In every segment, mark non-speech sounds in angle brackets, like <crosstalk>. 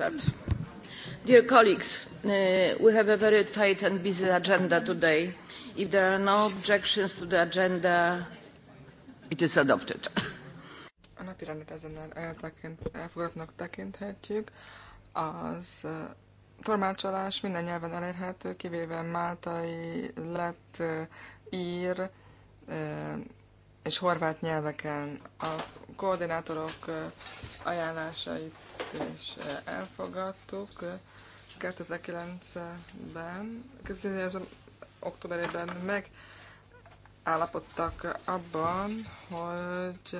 start. Dear colleagues, uh, we have a very tight and busy agenda today. If there are no objections to the agenda, it is adopted. A napi rendet ezen eltekint, elfogadottnak tekinthetjük. Az uh, tormácsolás minden nyelven elérhető, kivéve máltai, lett, uh, ír, uh, és horvát nyelveken. A koordinátorok uh, ajánlásait és eh, elfogadtuk. 2009-ben, eh, 2009 októberében megállapodtak abban, hogy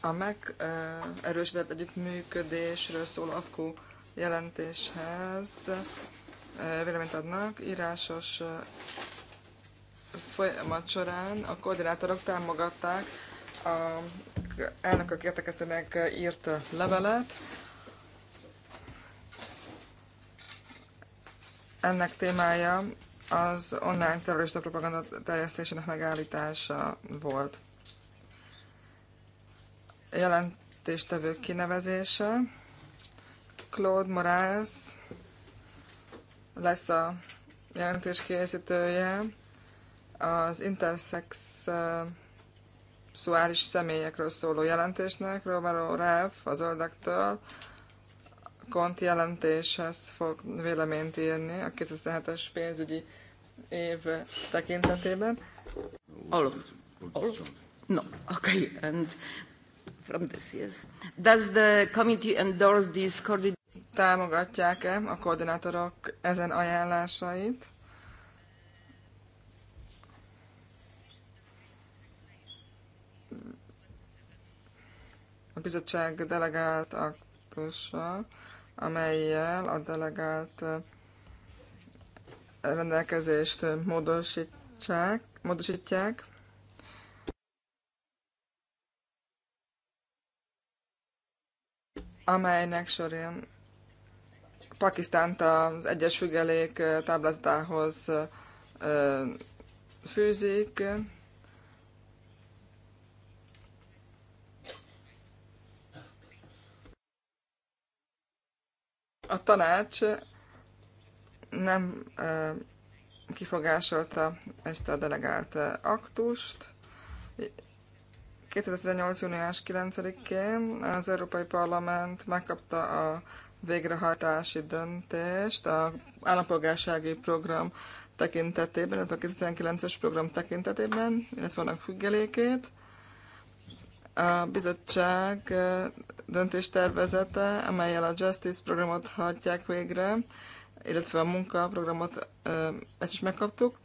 a megerősített eh, együttműködésről szóló akkú jelentéshez véleményt adnak. Írásos folyamat során a koordinátorok támogatták a elnökök értekeztének írt levelet. Ennek témája az online terrorista propaganda terjesztésének megállítása volt. Jelentéstevő kinevezése. Claude Moraes lesz a jelentés készítője. Az Intersex szexuális személyekről szóló jelentésnek, Romero Rev az oldaktól kont jelentéshez fog véleményt írni a 2007-es pénzügyi év tekintetében. All of, no, okay, and from this, yes. Does the committee endorse this coordinator? Támogatják-e a koordinátorok ezen ajánlásait? a bizottság delegált aktusa, amelyel a delegált rendelkezést módosítják, módosítják amelynek során Pakisztánt az egyes függelék táblázatához fűzik, A tanács nem kifogásolta ezt a delegált aktust. 2018. június 9-én az Európai Parlament megkapta a végrehajtási döntést a állampolgársági program tekintetében, illetve a 2019-es program tekintetében, illetve vannak függelékét a bizottság döntéstervezete, amelyel a Justice programot hagyják végre, illetve a munkaprogramot, ezt is megkaptuk.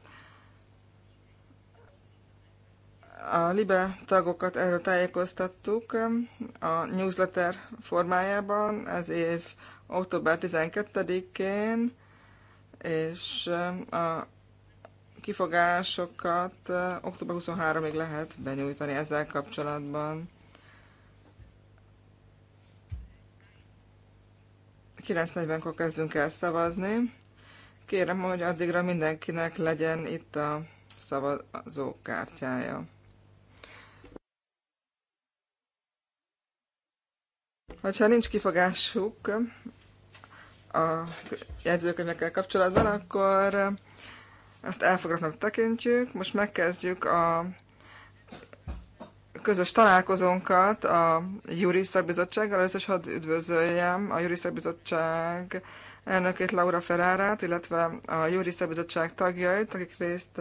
A LIBE tagokat erről tájékoztattuk a newsletter formájában ez év október 12-én, és a kifogásokat október 23-ig lehet benyújtani ezzel kapcsolatban. 9.40-kor kezdünk el szavazni. Kérem, hogy addigra mindenkinek legyen itt a szavazókártyája. Ha nincs kifogásuk a jegyzőkönyvekkel kapcsolatban, akkor ezt elfogadnak tekintjük. Most megkezdjük a közös találkozónkat a Júri Szakbizottsággal. Először is hadd üdvözöljem a Júri Szakbizottság elnökét Laura Ferrárát, illetve a Júri Szakbizottság tagjait, akik részt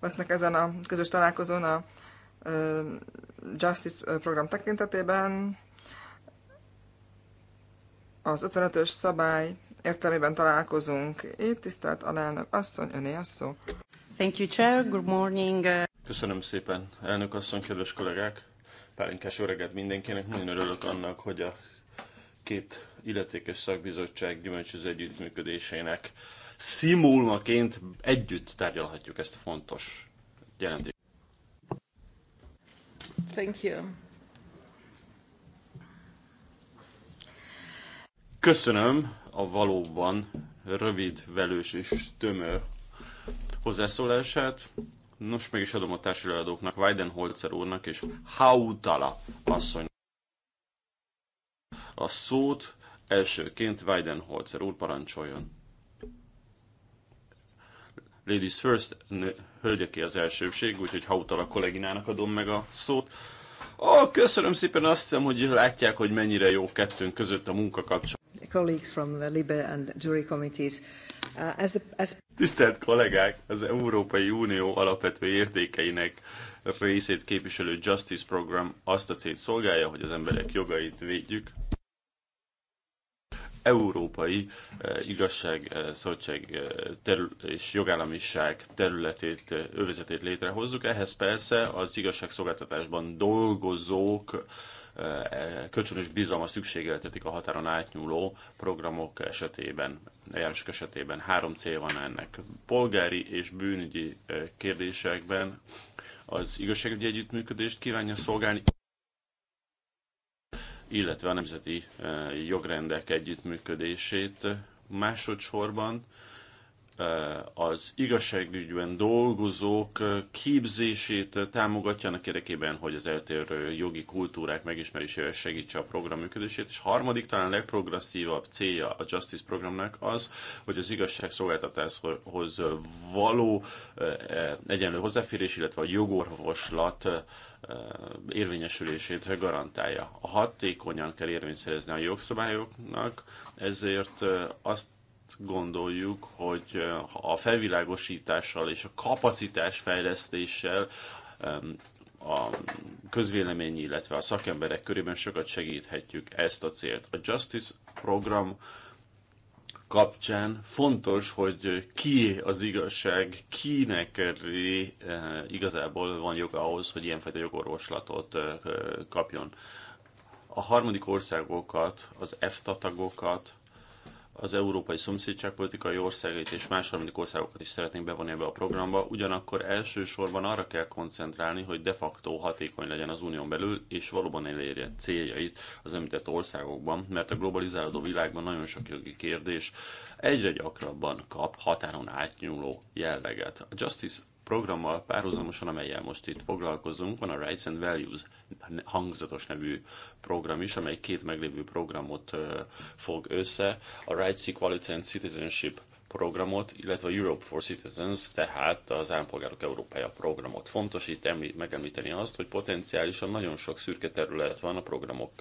vesznek ezen a közös találkozón a Justice program tekintetében. Az 55-ös szabály értelmében találkozunk itt. Tisztelt Alelnök asszony, öné a szó. Thank you, Chair. Good morning. Uh, Köszönöm szépen, elnök asszony, kedves kollégák. Pálinkás öreget mindenkinek. Nagyon örülök annak, hogy a két illetékes szakbizottság gyümölcsöző együttműködésének szimulmaként együtt tárgyalhatjuk ezt a fontos jelentést. Thank you. Köszönöm a valóban rövid, velős és tömör hozzászólását. Nos, meg is adom a társadalmadóknak, Weidenholzer úrnak és Hautala asszony. A szót elsőként Weidenholzer úr parancsoljon. Ladies first, hölgyeké az elsőbség, úgyhogy Hautala kolléginának adom meg a szót. Ó, köszönöm szépen, azt hiszem, hogy látják, hogy mennyire jó kettőnk között a munkakapcsolat colleagues from the Libe and Jury committees. Uh, as a, as... Tisztelt kollégák, az Európai Unió alapvető értékeinek részét képviselő Justice Program azt a célt szolgálja, hogy az emberek jogait védjük. Európai eh, igazság, eh, szabadság eh, terül- és jogállamiság területét, eh, övezetét létrehozzuk. Ehhez persze az igazságszolgáltatásban dolgozók eh, kölcsönös bizalma szükségeltetik a határon átnyúló programok esetében, eljárások esetében. Három cél van ennek. Polgári és bűnügyi eh, kérdésekben az igazságügyi együttműködést kívánja szolgálni, illetve a nemzeti eh, jogrendek együttműködését. Másodszorban Eh, az igazságügyben dolgozók eh, képzését eh, támogatja annak érdekében, hogy az eltérő jogi kultúrák megismerésével segítse a program működését, és harmadik, talán legprogresszívabb célja a Justice programnak az, hogy az igazságszolgáltatáshoz való egyenlő hozzáférés, illetve a jogorvoslat érvényesülését garantálja. A hatékonyan kell érvényszerezni a jogszabályoknak, ezért azt gondoljuk, hogy a felvilágosítással és a fejlesztéssel a közvélemény, illetve a szakemberek körében sokat segíthetjük ezt a célt. A Justice program kapcsán fontos, hogy ki az igazság, kinek eh, igazából van joga ahhoz, hogy ilyenfajta jogorvoslatot eh, kapjon. A harmadik országokat, az EFTA tagokat az európai szomszédságpolitikai országait és más harmadik országokat is szeretnénk bevonni ebbe a programba, ugyanakkor elsősorban arra kell koncentrálni, hogy de facto hatékony legyen az unión belül, és valóban elérje céljait az említett országokban, mert a globalizálódó világban nagyon sok jogi kérdés egyre gyakrabban kap határon átnyúló jelleget. A Justice programmal párhuzamosan, amelyel most itt foglalkozunk, van a Rights and Values hangzatos nevű program is, amely két meglévő programot fog össze, a Rights, Equality and Citizenship programot, illetve a Europe for Citizens, tehát az állampolgárok Európája programot. Fontos itt említ, megemlíteni azt, hogy potenciálisan nagyon sok szürke terület van a programok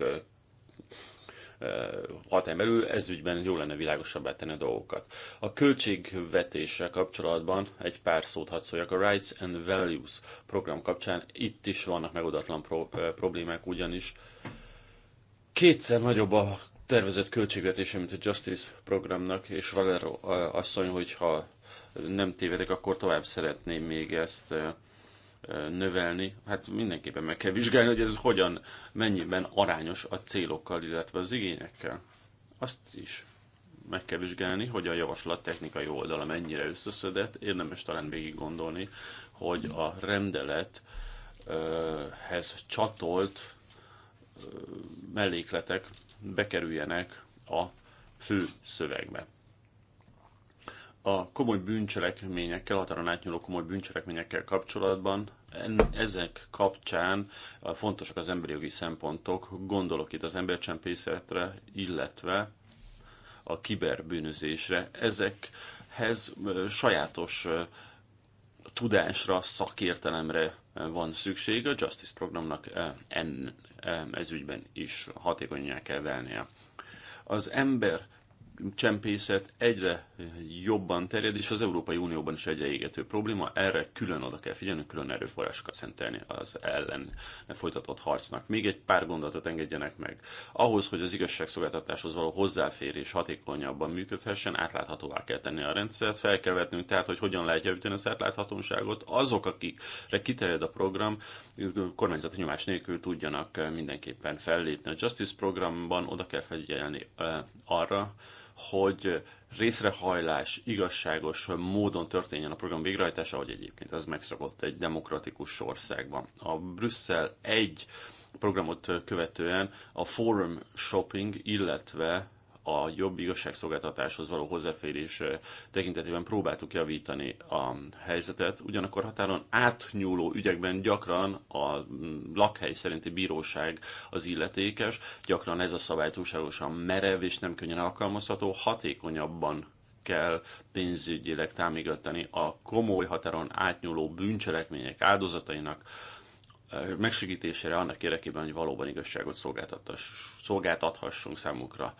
hatály belül, ez ügyben jó lenne világosabbá tenni a dolgokat. A költségvetéssel kapcsolatban egy pár szót hadd szóljak. A Rights and Values program kapcsán itt is vannak megoldatlan pro- problémák, ugyanis kétszer nagyobb a tervezett költségvetése, mint a Justice programnak, és Valero asszony, hogyha nem tévedek, akkor tovább szeretném még ezt növelni, hát mindenképpen meg kell vizsgálni, hogy ez hogyan, mennyiben arányos a célokkal, illetve az igényekkel. Azt is meg kell vizsgálni, hogy a javaslat technikai oldala mennyire összeszedett. Érdemes talán végig gondolni, hogy a rendelethez csatolt mellékletek bekerüljenek a fő szövegbe a komoly bűncselekményekkel, határon átnyúló komoly bűncselekményekkel kapcsolatban, en, ezek kapcsán fontosak az emberi jogi szempontok, gondolok itt az embercsempészetre, illetve a kiberbűnözésre. Ezekhez sajátos tudásra, szakértelemre van szükség, a Justice programnak en, ez ügyben is hatékonyan kell válnia. Az ember csempészet egyre jobban terjed, és az Európai Unióban is egyre égető probléma. Erre külön oda kell figyelni, külön erőforrásokat szentelni az ellen folytatott harcnak. Még egy pár gondolatot engedjenek meg. Ahhoz, hogy az igazságszolgáltatáshoz való hozzáférés hatékonyabban működhessen, átláthatóvá kell tenni a rendszert, fel kell vetnünk, tehát hogy hogyan lehet javítani az átláthatóságot. Azok, akikre kiterjed a program, kormányzati nyomás nélkül tudjanak mindenképpen fellépni. A Justice programban oda kell figyelni eh, arra, hogy részrehajlás igazságos módon történjen a program végrehajtása, ahogy egyébként ez megszokott egy demokratikus országban. A Brüsszel egy programot követően a forum shopping, illetve a jobb igazságszolgáltatáshoz való hozzáférés eh, tekintetében próbáltuk javítani a helyzetet, ugyanakkor határon átnyúló ügyekben gyakran a mm, lakhely szerinti bíróság az illetékes, gyakran ez a szabály túlságosan merev és nem könnyen alkalmazható, hatékonyabban kell pénzügyileg támogatni a komoly határon átnyúló bűncselekmények áldozatainak, eh, megsegítésére annak érdekében, hogy valóban igazságot szolgáltathassunk számukra.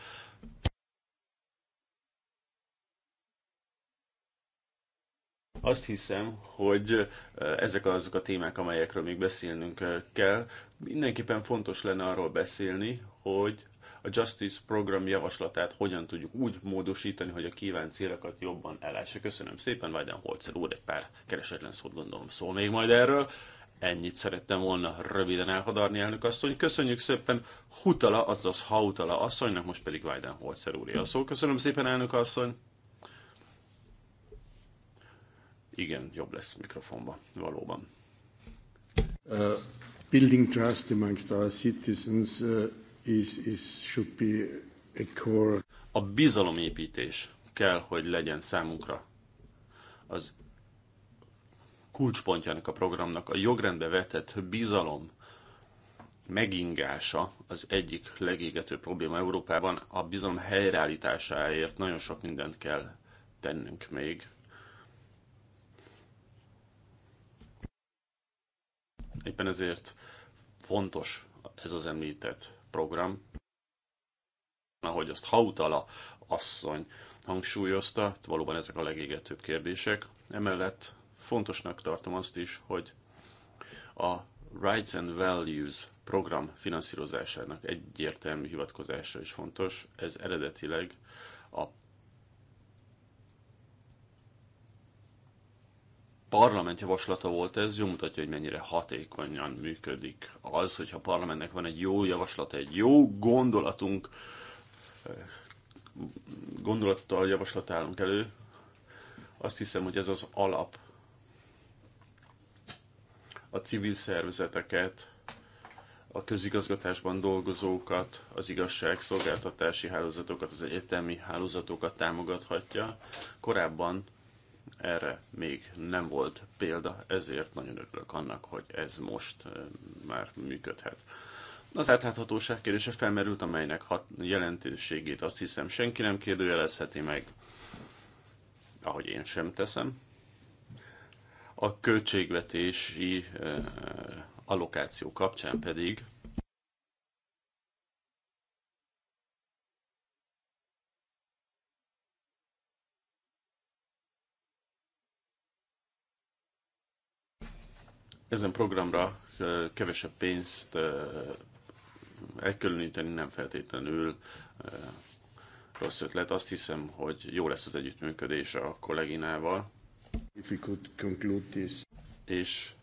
Azt hiszem, hogy ezek azok a témák, amelyekről még beszélnünk kell. Mindenképpen fontos lenne arról beszélni, hogy a Justice program javaslatát hogyan tudjuk úgy módosítani, hogy a kívánt célokat jobban elássa. Köszönöm szépen, Vajden Holzer úr egy pár keresetlen szót gondolom szól még majd erről. Ennyit szerettem volna röviden elhadarni, elnök asszony. Köszönjük szépen Hutala, azaz Hautala asszonynak, most pedig Holzer úr a szó. Köszönöm szépen, elnök asszony. Igen, jobb lesz mikrofonban, valóban. Uh, building trust amongst our citizens uh, is, is, should be a core. A bizalomépítés kell, hogy legyen számunkra az kulcspontjának a programnak a jogrendbe vetett bizalom megingása az egyik legégető probléma Európában. A bizalom helyreállításáért nagyon sok mindent kell tennünk még. Éppen ezért fontos ez az említett program. Ahogy azt Hautala asszony hangsúlyozta, valóban ezek a legégetőbb kérdések. Emellett Fontosnak tartom azt is, hogy a Rights and Values program finanszírozásának egyértelmű hivatkozása is fontos. Ez eredetileg a parlament javaslata volt ez, jó mutatja, hogy mennyire hatékonyan működik az, hogyha a parlamentnek van egy jó javaslata, egy jó gondolatunk, gondolattal javaslat állunk elő, azt hiszem, hogy ez az alap a civil szervezeteket, a közigazgatásban dolgozókat, az igazságszolgáltatási hálózatokat, az egyetemi hálózatokat támogathatja. Korábban erre még nem volt példa, ezért nagyon örülök annak, hogy ez most már működhet. Az átláthatóság kérdése felmerült, amelynek hat jelentőségét azt hiszem senki nem kérdőjelezheti meg, ahogy én sem teszem. A költségvetési eh, allokáció kapcsán pedig ezen programra eh, kevesebb pénzt eh, elkülöníteni nem feltétlenül rossz ötlet. Azt hiszem, hogy jó lesz az együttműködés a kolléginával. És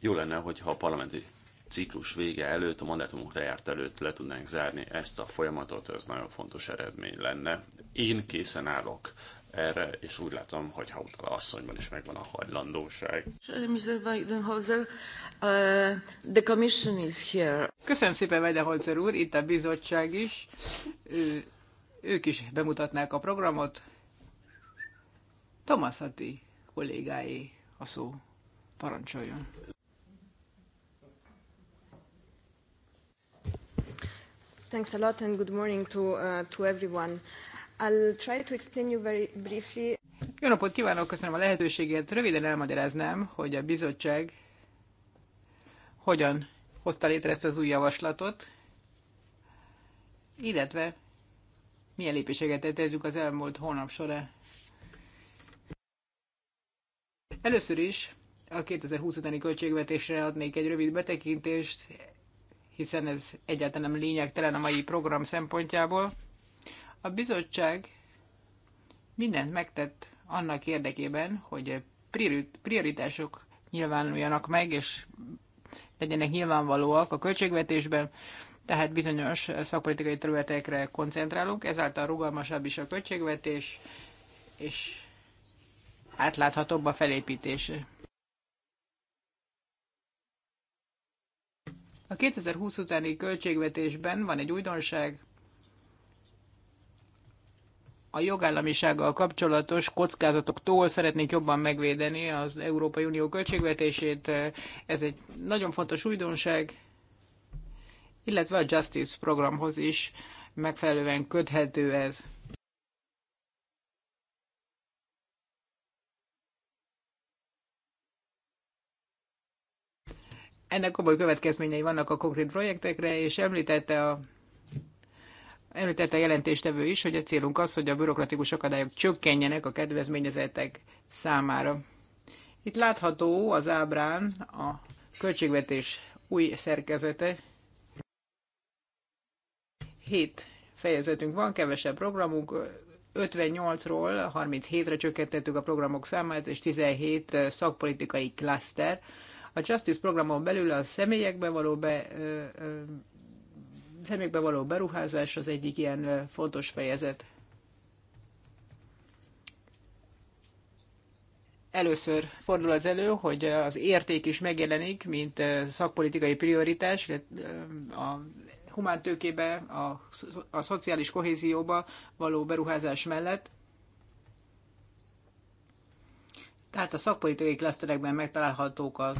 jó lenne, hogyha a parlamenti ciklus vége előtt, a mandátumunk lejárt előtt le tudnánk zárni ezt a folyamatot, ez nagyon fontos eredmény lenne. Én készen állok erre, és úgy látom, hogy ha Hautala asszonyban is megvan a hajlandóság. Mr. uh, the commission is here. Köszönöm szépen, Weidenholzer úr, itt a bizottság is. Ő, ők is bemutatnák a programot. Thomas Hatti kollégáé a szó. Parancsoljon! Thanks a lot and good morning to, uh, to everyone. I'll try to explain you very briefly. Jó napot kívánok, köszönöm a lehetőséget. Röviden elmagyaráznám, hogy a bizottság hogyan hozta létre ezt az új javaslatot, illetve milyen lépéseket tettünk az elmúlt hónap során. Először is a 2020 utáni költségvetésre adnék egy rövid betekintést, hiszen ez egyáltalán nem lényegtelen a mai program szempontjából. A bizottság mindent megtett annak érdekében, hogy prioritások nyilvánuljanak meg, és legyenek nyilvánvalóak a költségvetésben, tehát bizonyos szakpolitikai területekre koncentrálunk, ezáltal rugalmasabb is a költségvetés, és átláthatóbb a felépítése. A 2020 utáni költségvetésben van egy újdonság, a jogállamisággal kapcsolatos kockázatoktól szeretnék jobban megvédeni az Európai Unió költségvetését. Ez egy nagyon fontos újdonság, illetve a Justice programhoz is megfelelően köthető ez. ennek komoly következményei vannak a konkrét projektekre, és említette a Említette a jelentéstevő is, hogy a célunk az, hogy a bürokratikus akadályok csökkenjenek a kedvezményezettek számára. Itt látható az ábrán a költségvetés új szerkezete. Hét fejezetünk van, kevesebb programunk, 58-ról 37-re csökkentettük a programok számát, és 17 szakpolitikai klaszter a Justice programon belül a személyekbe való be, személyekbe való beruházás az egyik ilyen fontos fejezet. Először fordul az elő, hogy az érték is megjelenik, mint szakpolitikai prioritás, a humántőkébe, a, a szociális kohézióba való beruházás mellett. Tehát a szakpolitikai klaszterekben megtalálhatók a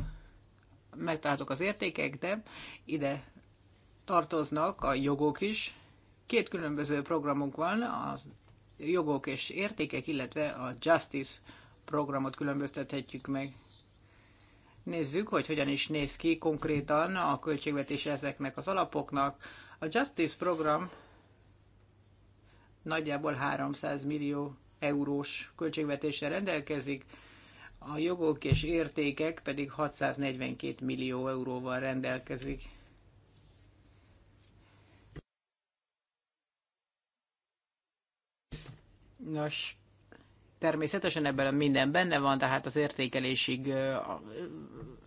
megtalálhatók az értékek, de ide tartoznak a jogok is. Két különböző programunk van, a jogok és értékek, illetve a Justice programot különböztethetjük meg. Nézzük, hogy hogyan is néz ki konkrétan a költségvetés ezeknek az alapoknak. A Justice program nagyjából 300 millió eurós költségvetéssel rendelkezik, a jogok és értékek pedig 642 millió euróval rendelkezik. Nos, természetesen ebben minden benne van, tehát az értékelésig, a,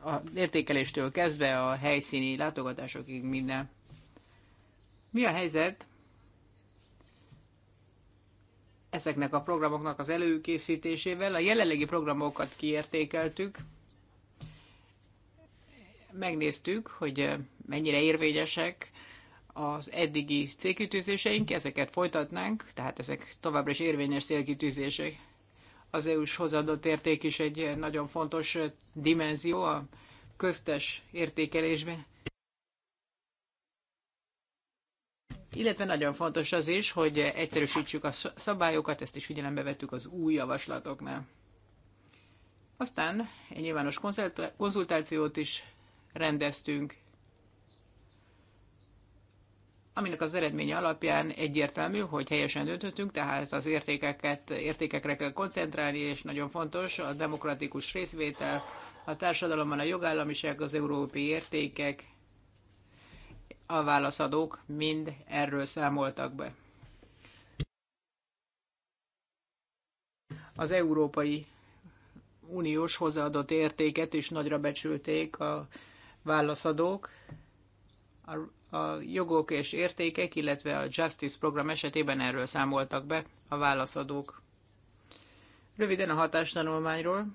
a értékeléstől kezdve a helyszíni látogatásokig minden. Mi a helyzet ezeknek a programoknak az előkészítésével. A jelenlegi programokat kiértékeltük, megnéztük, hogy mennyire érvényesek az eddigi célkitűzéseink, ezeket folytatnánk, tehát ezek továbbra is érvényes célkitűzések. Az EU-s hozadott érték is egy nagyon fontos dimenzió a köztes értékelésben. illetve nagyon fontos az is, hogy egyszerűsítsük a szabályokat, ezt is figyelembe vettük az új javaslatoknál. Aztán egy nyilvános konzultációt is rendeztünk, aminek az eredménye alapján egyértelmű, hogy helyesen döntöttünk, tehát az értékeket, értékekre kell koncentrálni, és nagyon fontos a demokratikus részvétel, a társadalomban a jogállamiság, az európai értékek, a válaszadók mind erről számoltak be. Az Európai Uniós hozzáadott értéket is nagyra becsülték a válaszadók. A, a jogok és értékek, illetve a Justice program esetében erről számoltak be a válaszadók. Röviden a hatástanulmányról.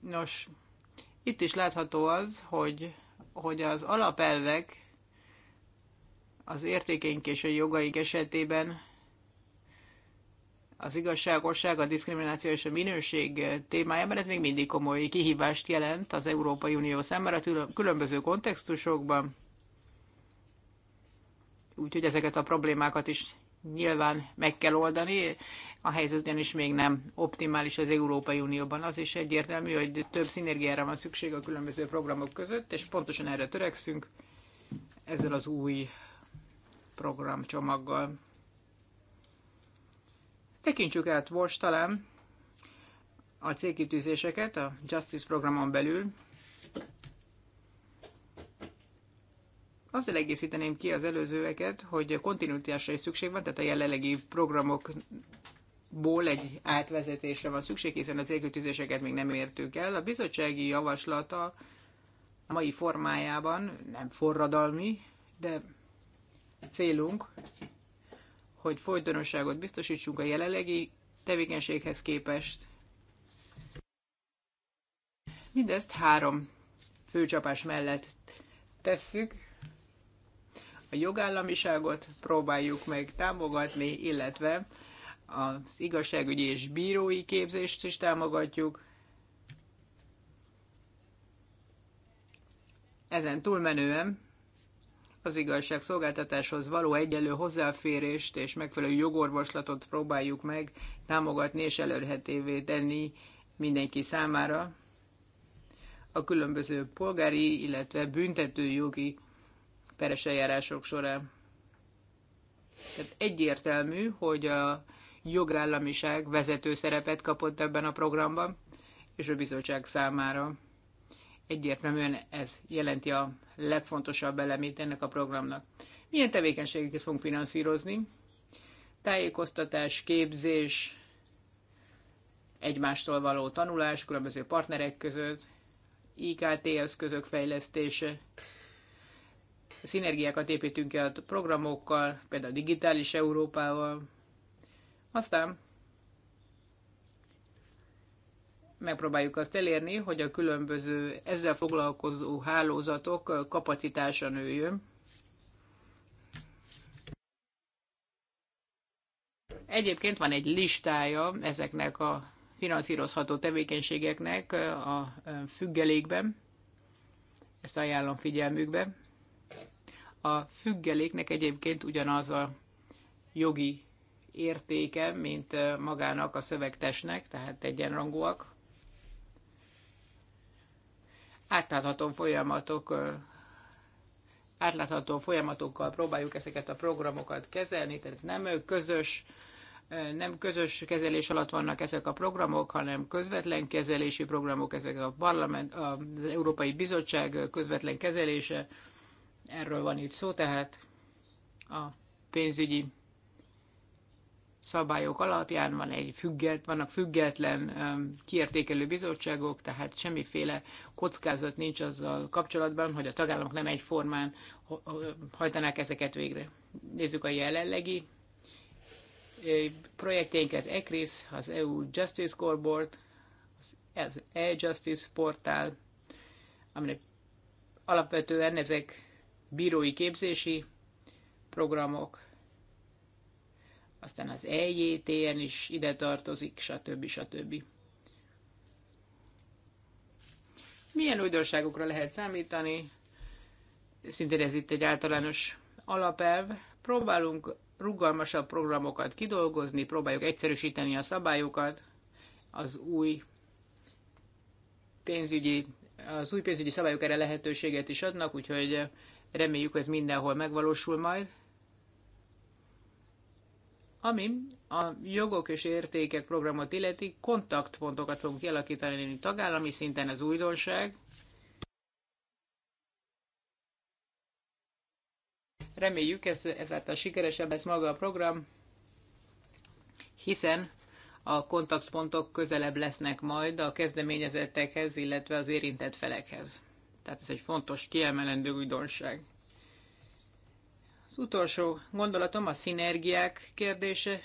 Nos, itt is látható az, hogy hogy az alapelvek az értékeink és a jogaik esetében az igazságosság, a diszkrimináció és a minőség témájában ez még mindig komoly kihívást jelent az Európai Unió számára különböző kontextusokban. Úgyhogy ezeket a problémákat is nyilván meg kell oldani. A helyzet ugyanis még nem optimális az Európai Unióban. Az is egyértelmű, hogy több szinergiára van szükség a különböző programok között, és pontosan erre törekszünk ezzel az új programcsomaggal. Tekintsük át most talán a célkitűzéseket a Justice programon belül. Azzal egészíteném ki az előzőeket, hogy kontinuitásra is szükség van, tehát a jelenlegi programok ból egy átvezetésre van szükség, hiszen a égőtűzéseket még nem értük el. A bizottsági javaslata a mai formájában nem forradalmi, de célunk, hogy folytonosságot biztosítsunk a jelenlegi tevékenységhez képest. Mindezt három főcsapás mellett tesszük. A jogállamiságot próbáljuk meg támogatni, illetve az igazságügyi és bírói képzést is támogatjuk. Ezen túlmenően az igazságszolgáltatáshoz való egyenlő hozzáférést és megfelelő jogorvoslatot próbáljuk meg támogatni és elérhetővé tenni mindenki számára a különböző polgári, illetve büntetőjogi peres eljárások során. Tehát egyértelmű, hogy a jogállamiság vezető szerepet kapott ebben a programban, és a bizottság számára egyértelműen ez jelenti a legfontosabb elemét ennek a programnak. Milyen tevékenységeket fogunk finanszírozni? Tájékoztatás, képzés, egymástól való tanulás különböző partnerek között, IKT eszközök fejlesztése, szinergiákat építünk ki a programokkal, például a Digitális Európával, aztán megpróbáljuk azt elérni, hogy a különböző ezzel foglalkozó hálózatok kapacitása nőjön. Egyébként van egy listája ezeknek a finanszírozható tevékenységeknek a függelékben. Ezt ajánlom figyelmükbe. A függeléknek egyébként ugyanaz a jogi értéke, mint magának a szövegtesnek, tehát egyenrangúak. Átlátható folyamatok átlátható folyamatokkal próbáljuk ezeket a programokat kezelni, tehát nem közös nem közös kezelés alatt vannak ezek a programok, hanem közvetlen kezelési programok, ezek a parlament, az Európai Bizottság közvetlen kezelése, erről van itt szó, tehát a pénzügyi szabályok alapján van egy függet, vannak független um, kiértékelő bizottságok, tehát semmiféle kockázat nincs azzal kapcsolatban, hogy a tagállamok nem egyformán hajtanák ezeket végre. Nézzük a jelenlegi projektjeinket, ECRIS, az EU Justice Scoreboard, az e e-Justice portál, aminek alapvetően ezek bírói képzési programok, aztán az EJTN is ide tartozik, stb. stb. Milyen újdonságokra lehet számítani? Szintén ez itt egy általános alapelv. Próbálunk rugalmasabb programokat kidolgozni, próbáljuk egyszerűsíteni a szabályokat, az új pénzügyi, az új pénzügyi szabályok erre lehetőséget is adnak, úgyhogy reméljük ez mindenhol megvalósul majd. Ami a jogok és értékek programot illeti, kontaktpontokat fogunk kialakítani tagállami szinten az újdonság. Reméljük ez, ezáltal sikeresebb lesz maga a program, hiszen a kontaktpontok közelebb lesznek majd a kezdeményezettekhez, illetve az érintett felekhez. Tehát ez egy fontos, kiemelendő újdonság. Az utolsó gondolatom a szinergiák kérdése.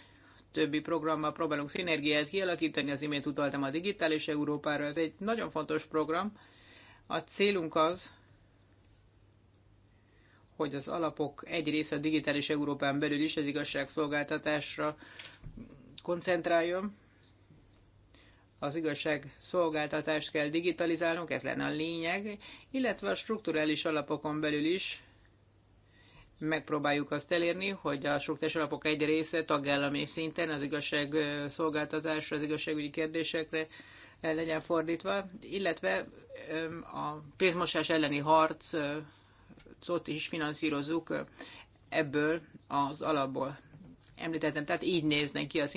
Többi programmal próbálunk szinergiát kialakítani, az imént utaltam a Digitális Európára. Ez egy nagyon fontos program. A célunk az, hogy az alapok egy része a digitális Európán belül is az igazságszolgáltatásra koncentráljon. Az igazságszolgáltatást kell digitalizálnunk, ez lenne a lényeg, illetve a strukturális alapokon belül is megpróbáljuk azt elérni, hogy a struktúrás alapok egy része tagállami szinten az igazság szolgáltatásra, az igazságügyi kérdésekre legyen fordítva, illetve a pénzmosás elleni harcot is finanszírozzuk ebből az alapból említettem, tehát így néznek ki a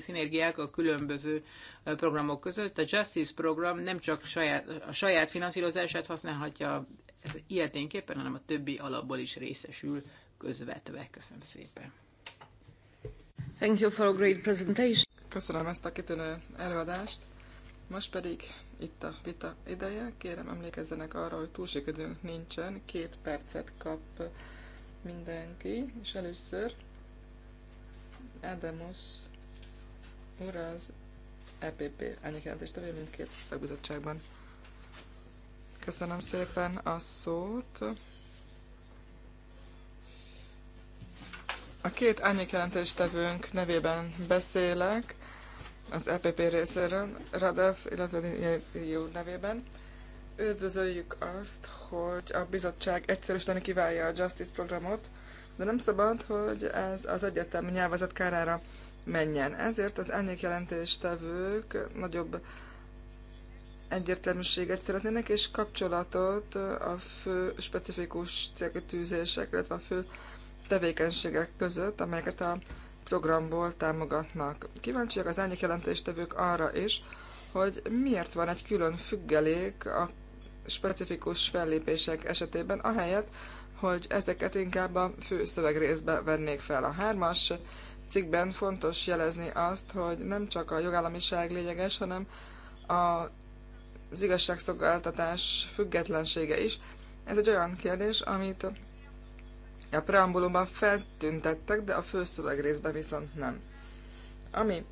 szinergiák a különböző programok között. A Justice program nem csak saját, a saját finanszírozását használhatja ez ilyeténképpen, hanem a többi alapból is részesül közvetve. Köszönöm szépen. Thank you for a great presentation. Köszönöm ezt a kitűnő előadást. Most pedig itt a vita ideje. Kérem emlékezzenek arra, hogy túl sok időnk nincsen. Két percet kap mindenki, és először Adamos, úr az EPP elnök jelentéstevő mindkét szakbizottságban. Köszönöm szépen a szót. A két árnyékjelentéstevőnk nevében beszélek, az EPP részéről, Radev, illetve Jó nevében. Üdvözöljük azt, hogy a bizottság egyszerűsíteni kiválja a Justice programot, de nem szabad, hogy ez az egyetemi nyelvezet kárára menjen. Ezért az elnyékjelentéstevők nagyobb egyértelműséget szeretnének, és kapcsolatot a fő specifikus célkitűzések, illetve a fő tevékenységek között, amelyeket a programból támogatnak. Kíváncsiak az elnyékjelentéstevők arra is, hogy miért van egy külön függelék a specifikus fellépések esetében, ahelyett, hogy ezeket inkább a fő szövegrészbe vennék fel. A hármas cikkben fontos jelezni azt, hogy nem csak a jogállamiság lényeges, hanem a, az igazságszolgáltatás függetlensége is. Ez egy olyan kérdés, amit a preambulumban feltüntettek, de a főszöveg részben viszont nem. Ami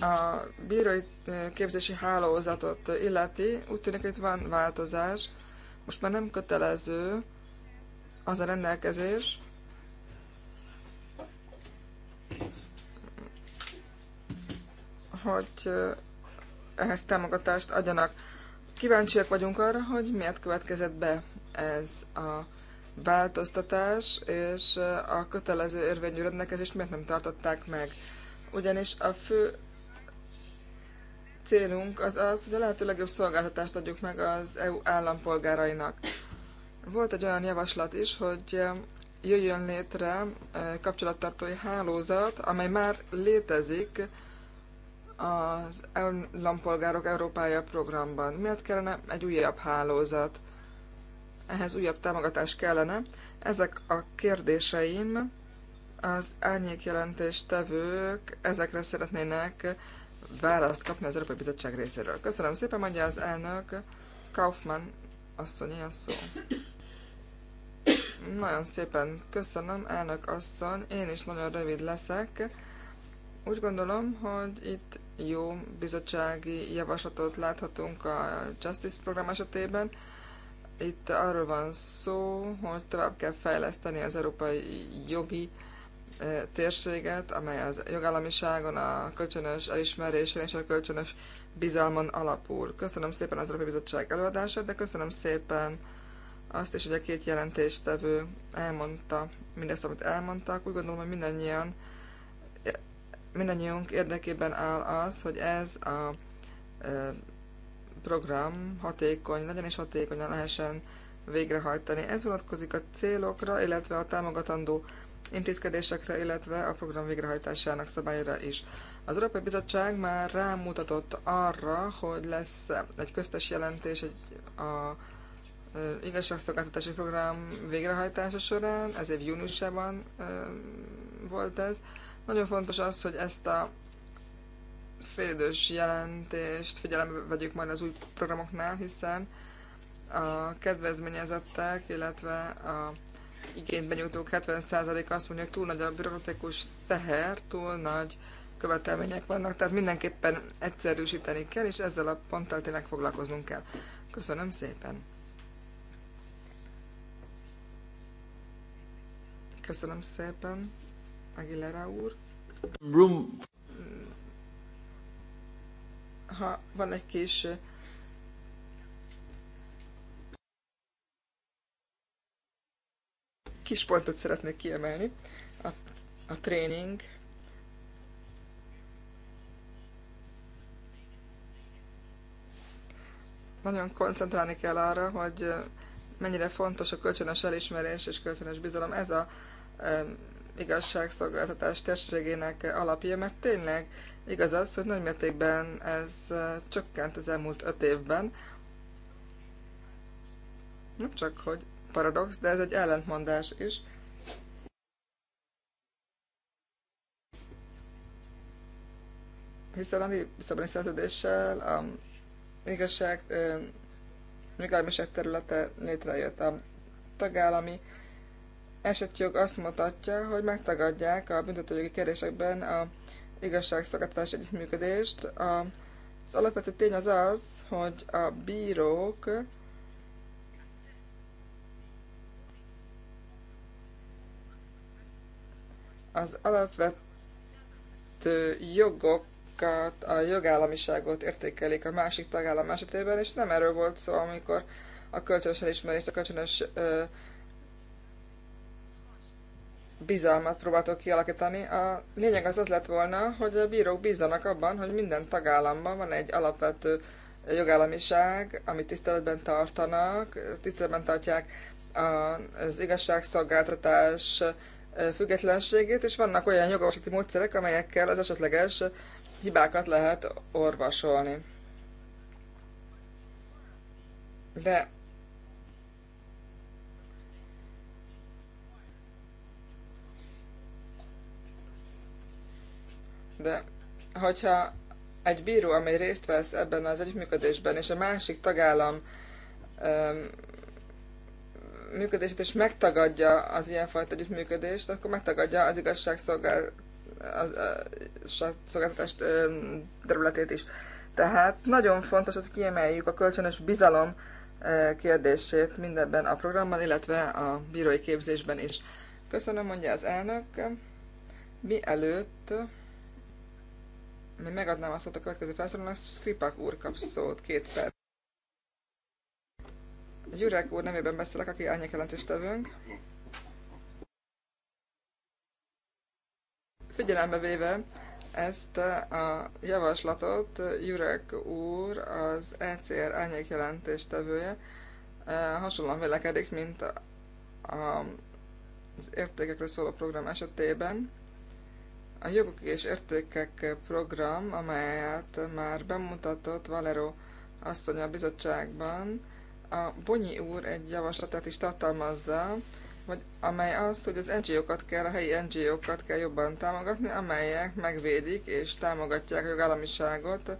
a bírói eh, képzési hálózatot illeti, úgy tűnik, hogy itt van változás, most már nem kötelező az a rendelkezés, hogy ehhez támogatást adjanak. Kíváncsiak vagyunk arra, hogy miért következett be ez a változtatás, és a kötelező érvényű rendelkezést miért nem tartották meg. Ugyanis a fő Célunk az az, hogy a lehető legjobb szolgáltatást adjuk meg az EU állampolgárainak. Volt egy olyan javaslat is, hogy eh, jöjjön létre eh, kapcsolattartói hálózat, amely már létezik az állampolgárok Európája programban. Miért kellene egy újabb hálózat? Ehhez újabb támogatás kellene. Ezek a kérdéseim az árnyékjelentéstevők ezekre szeretnének választ kapni az Európai Bizottság részéről. Köszönöm szépen, mondja az elnök. Kaufmann asszony, a szó. Nagyon szépen köszönöm, elnök asszony. Én is nagyon rövid leszek. Úgy gondolom, hogy itt jó bizottsági javaslatot láthatunk a Justice program esetében. Itt arról van szó, hogy tovább kell fejleszteni az európai jogi térséget, amely az jogállamiságon, a kölcsönös elismerésen és a kölcsönös bizalmon alapul. Köszönöm szépen az Európai Bizottság előadását, de köszönöm szépen azt is, hogy a két jelentéstevő elmondta mindezt, amit elmondtak. Úgy gondolom, hogy mindannyian, mindannyiunk érdekében áll az, hogy ez a program hatékony legyen és hatékonyan lehessen végrehajtani. Ez vonatkozik a célokra, illetve a támogatandó intézkedésekre, illetve a program végrehajtásának szabályra is. Az Európai Bizottság már rámutatott arra, hogy lesz egy köztes jelentés egy, a igazságszolgáltatási program végrehajtása során, ez év júniusában volt ez. Nagyon fontos az, hogy ezt a félidős jelentést figyelembe vegyük majd az új programoknál, hiszen a kedvezményezettek, illetve a igénybenyújtók 70% azt mondja, hogy túl nagy a bürokratikus teher, túl nagy követelmények vannak, tehát mindenképpen egyszerűsíteni kell, és ezzel a ponttal tényleg foglalkoznunk kell. Köszönöm szépen! Köszönöm szépen, Aguilera úr. Room. Ha van egy kis kis pontot szeretnék kiemelni. A, a tréning nagyon koncentrálni kell arra, hogy mennyire fontos a kölcsönös elismerés és kölcsönös bizalom. Ez a e, igazságszolgáltatás testségének alapja, mert tényleg igaz az, hogy nagymértékben ez csökkent az elmúlt öt évben. Nem csak, hogy paradox, de ez egy ellentmondás is. Hiszen a Lisszaboni szerződéssel a igazság, jogállamiság területe létrejött. A tagállami esetjog azt mutatja, hogy megtagadják a büntetőjogi kérdésekben a igazságszolgáltatás együttműködést. A, az alapvető tény az az, hogy a bírók az alapvető jogokat, a jogállamiságot értékelik a másik tagállam esetében, és nem erről volt szó, amikor a kölcsönös elismerést, a kölcsönös ö, bizalmat próbáltok kialakítani. A lényeg az az lett volna, hogy a bírók bízzanak abban, hogy minden tagállamban van egy alapvető jogállamiság, amit tiszteletben tartanak, tiszteletben tartják az igazságszolgáltatás függetlenségét, és vannak olyan jogorvoslati módszerek, amelyekkel az esetleges hibákat lehet orvosolni. De de hogyha egy bíró, amely részt vesz ebben az együttműködésben, és a másik tagállam működését és megtagadja az ilyenfajta együttműködést, akkor megtagadja az igazságszolgáltatást területét is. Tehát nagyon fontos, hogy kiemeljük a kölcsönös bizalom kérdését mindebben a programban, illetve a bírói képzésben is. Köszönöm, mondja az elnök. előtt? mi megadnám a szót a következő felszólalónak, Skripak úr kap szót, két perc. Gyurek úr nevében beszélek, aki árnyék jelentéstevőnk. Figyelembe véve ezt a javaslatot, Jurek úr az ECR árnyék tevője eh, hasonlóan vélekedik, mint a, az értékekről szóló program esetében. A jogok és értékek program, amelyet már bemutatott Valero asszony a bizottságban, a Bonyi úr egy javaslatát is tartalmazza, vagy amely az, hogy az NGO-kat kell, a helyi NGO-kat kell jobban támogatni, amelyek megvédik és támogatják a jogállamiságot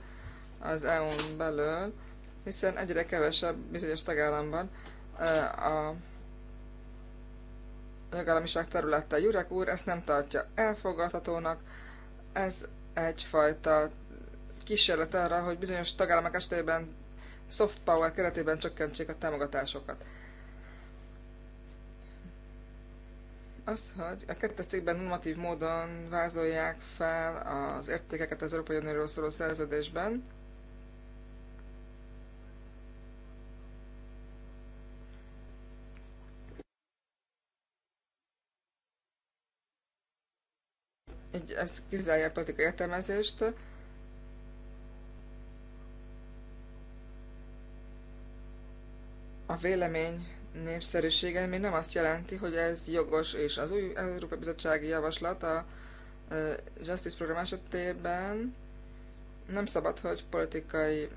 az EU-n belől, hiszen egyre kevesebb bizonyos tagállamban a jogállamiság területe. Jurek úr ezt nem tartja elfogadhatónak, ez egyfajta kísérlet arra, hogy bizonyos tagállamok esetében soft power keretében csökkentsék a támogatásokat. Az, hogy a kettes cikkben normatív módon vázolják fel az értékeket az Európai Unióról szóló szerződésben, így ez kizárja a politikai értelmezést, a vélemény népszerűsége még nem azt jelenti, hogy ez jogos, és az új Európai Bizottsági Javaslat a Justice program esetében nem szabad, hogy politikai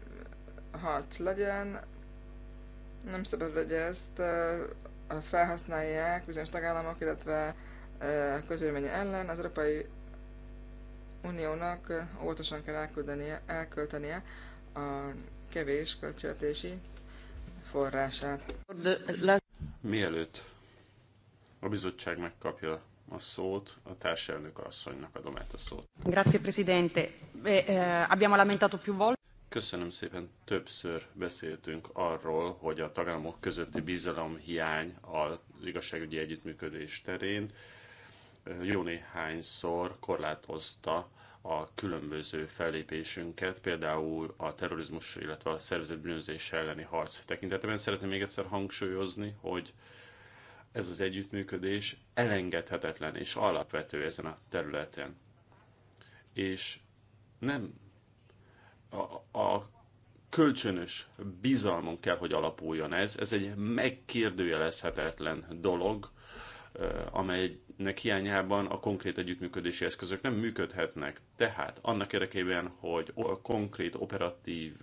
harc legyen, nem szabad, hogy ezt felhasználják bizonyos tagállamok, illetve közvéleménye ellen. Az Európai Uniónak óvatosan kell elküldenie, elköltenie a kevés költségvetési forrását. Mielőtt a bizottság megkapja a szót, a társelnök asszonynak adom át a szót. Grazie, Presidente. Eh, abbiamo lamentato più volte. Köszönöm szépen, többször beszéltünk arról, hogy a tagállamok közötti bizalom hiány az igazságügyi együttműködés terén eh, jó néhányszor korlátozta a különböző fellépésünket, például a terrorizmus, illetve a szervezett bűnözés elleni harc tekintetében. Szeretném még egyszer hangsúlyozni, hogy ez az együttműködés elengedhetetlen és alapvető ezen a területen. És nem a, a kölcsönös bizalmon kell, hogy alapuljon ez. Ez egy megkérdőjelezhetetlen dolog, amely nek hiányában a konkrét együttműködési eszközök nem működhetnek. Tehát annak érdekében, hogy a konkrét operatív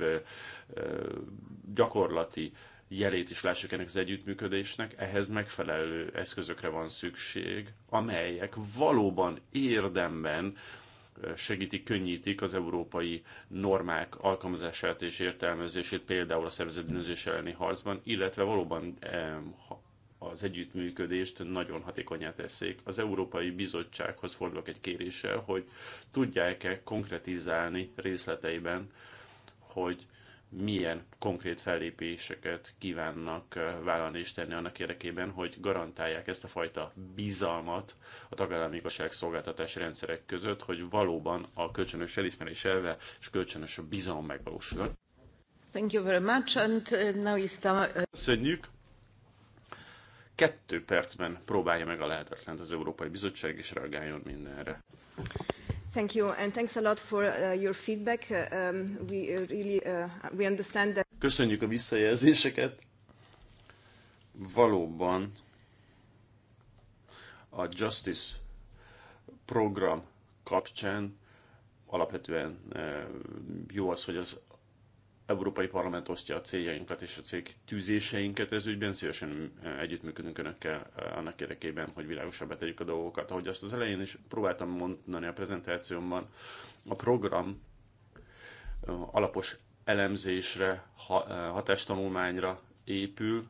gyakorlati jelét is lássuk ennek az együttműködésnek, ehhez megfelelő eszközökre van szükség, amelyek valóban érdemben segítik, könnyítik az európai normák alkalmazását és értelmezését, például a szervezetbűnözés elleni harcban, illetve valóban az együttműködést nagyon hatékonyá teszik. Az Európai Bizottsághoz fordulok egy kéréssel, hogy tudják-e konkretizálni részleteiben, hogy milyen konkrét fellépéseket kívánnak eh, vállalni és tenni annak érdekében, hogy garantálják ezt a fajta bizalmat a tagállami igazságszolgáltatási rendszerek között, hogy valóban a kölcsönös elismerés elve és kölcsönös bizalom megvalósuljon. Thank you very much, and eh, now is the... Köszönjük! kettő percben próbálja meg a lehetetlent az Európai Bizottság, és reagáljon mindenre. Thank you, and thanks a lot for uh, your feedback. Uh, Um, we uh, really uh, we understand that. Köszönjük a visszajelzéseket. Valóban a Justice program kapcsán alapvetően uh, jó az, hogy az Európai Parlament osztja a céljainkat és a cég tűzéseinket ez ügyben. Szívesen együttműködünk Önökkel annak érdekében, hogy világosabbá tegyük a dolgokat. Ahogy azt az elején is próbáltam mondani a prezentációmban, a program alapos elemzésre, hatástanulmányra épül,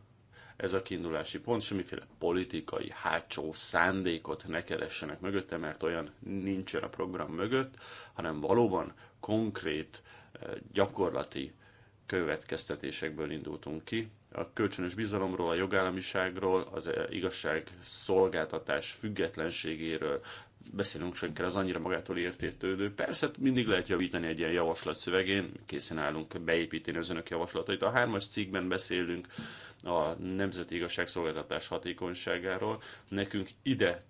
ez a kiindulási pont, semmiféle politikai hátsó szándékot ne keressenek mögötte, mert olyan nincsen a program mögött, hanem valóban konkrét gyakorlati következtetésekből indultunk ki. A kölcsönös bizalomról, a jogállamiságról, az igazság szolgáltatás függetlenségéről beszélünk senkire, az annyira magától értétődő. Persze mindig lehet javítani egy ilyen javaslat szövegén, készen állunk beépíteni az önök javaslatait. A hármas cikkben beszélünk a Nemzeti Igazságszolgáltatás hatékonyságáról. Nekünk ide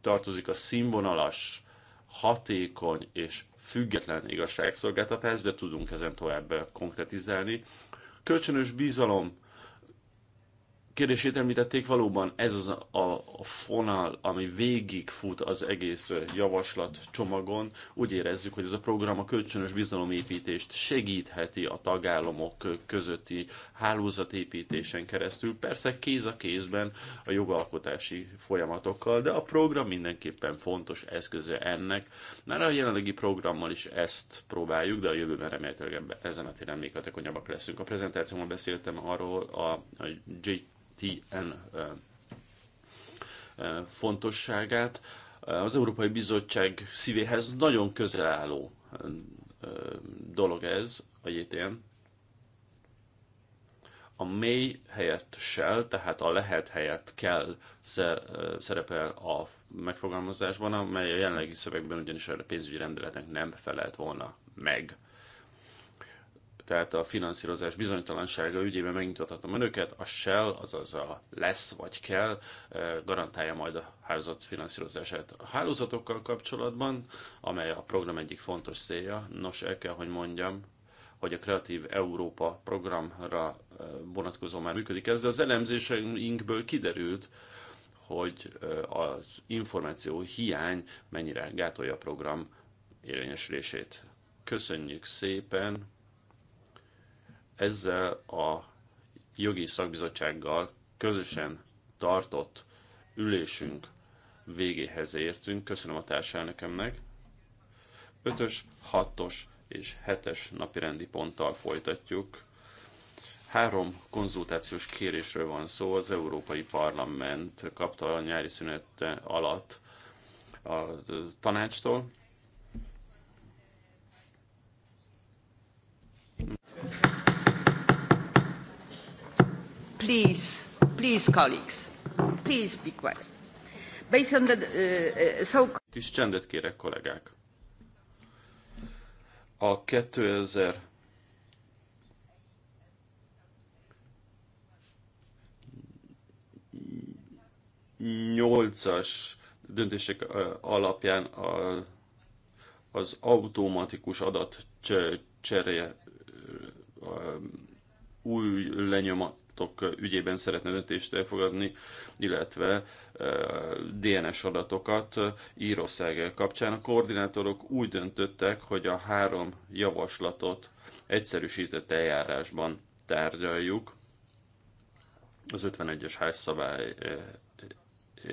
tartozik a színvonalas, hatékony és független igazságszolgáltatás, de tudunk ezen tovább konkretizálni. Kölcsönös bizalom kérdését említették, valóban ez a fonal, ami végigfut az egész javaslat csomagon. Úgy érezzük, hogy ez a program a kölcsönös bizalomépítést segítheti a tagállamok közötti hálózatépítésen keresztül, persze kéz a kézben a jogalkotási folyamatokkal, de a program mindenképpen fontos eszköze ennek. mert a jelenlegi programmal is ezt próbáljuk, de a jövőben remélhetőleg ezen a téren még hatékonyabbak leszünk. A prezentációban beszéltem arról a, a J TTN fontosságát. Az Európai Bizottság szívéhez nagyon közel álló dolog ez, a JTN. A mély helyett shall, tehát a lehet helyett kell szerepel a megfogalmazásban, amely a jelenlegi szövegben ugyanis a pénzügyi rendeletnek nem felelt volna meg tehát a finanszírozás bizonytalansága ügyében megnyitottatom önöket, a Shell, azaz a lesz vagy kell, eh, garantálja majd a hálózat finanszírozását. A hálózatokkal kapcsolatban, amely a program egyik fontos célja, nos, el kell, hogy mondjam, hogy a Kreatív Európa programra eh, vonatkozó már működik ez, de az elemzéseinkből kiderült, hogy eh, az információ hiány mennyire gátolja a program érvényesülését. Köszönjük szépen! ezzel a jogi szakbizottsággal közösen tartott ülésünk végéhez értünk. Köszönöm a társelnökemnek. 5-ös, 6-os és 7-es napirendi ponttal folytatjuk. Három konzultációs kérésről van szó. Az Európai Parlament kapta a nyári szünet alatt a tanácstól. Please, please, colleagues, please be quiet. Based on the, uh, uh so... Kis csendet kérek, kollégák. A 2000 nyolcas as döntések alapján a, az automatikus adatcserje új lenyoma, adatok ügyében szeretne döntést elfogadni, illetve e, DNS adatokat Írország kapcsán. A koordinátorok úgy döntöttek, hogy a három javaslatot egyszerűsített eljárásban tárgyaljuk. Az 51-es házszabály e, e,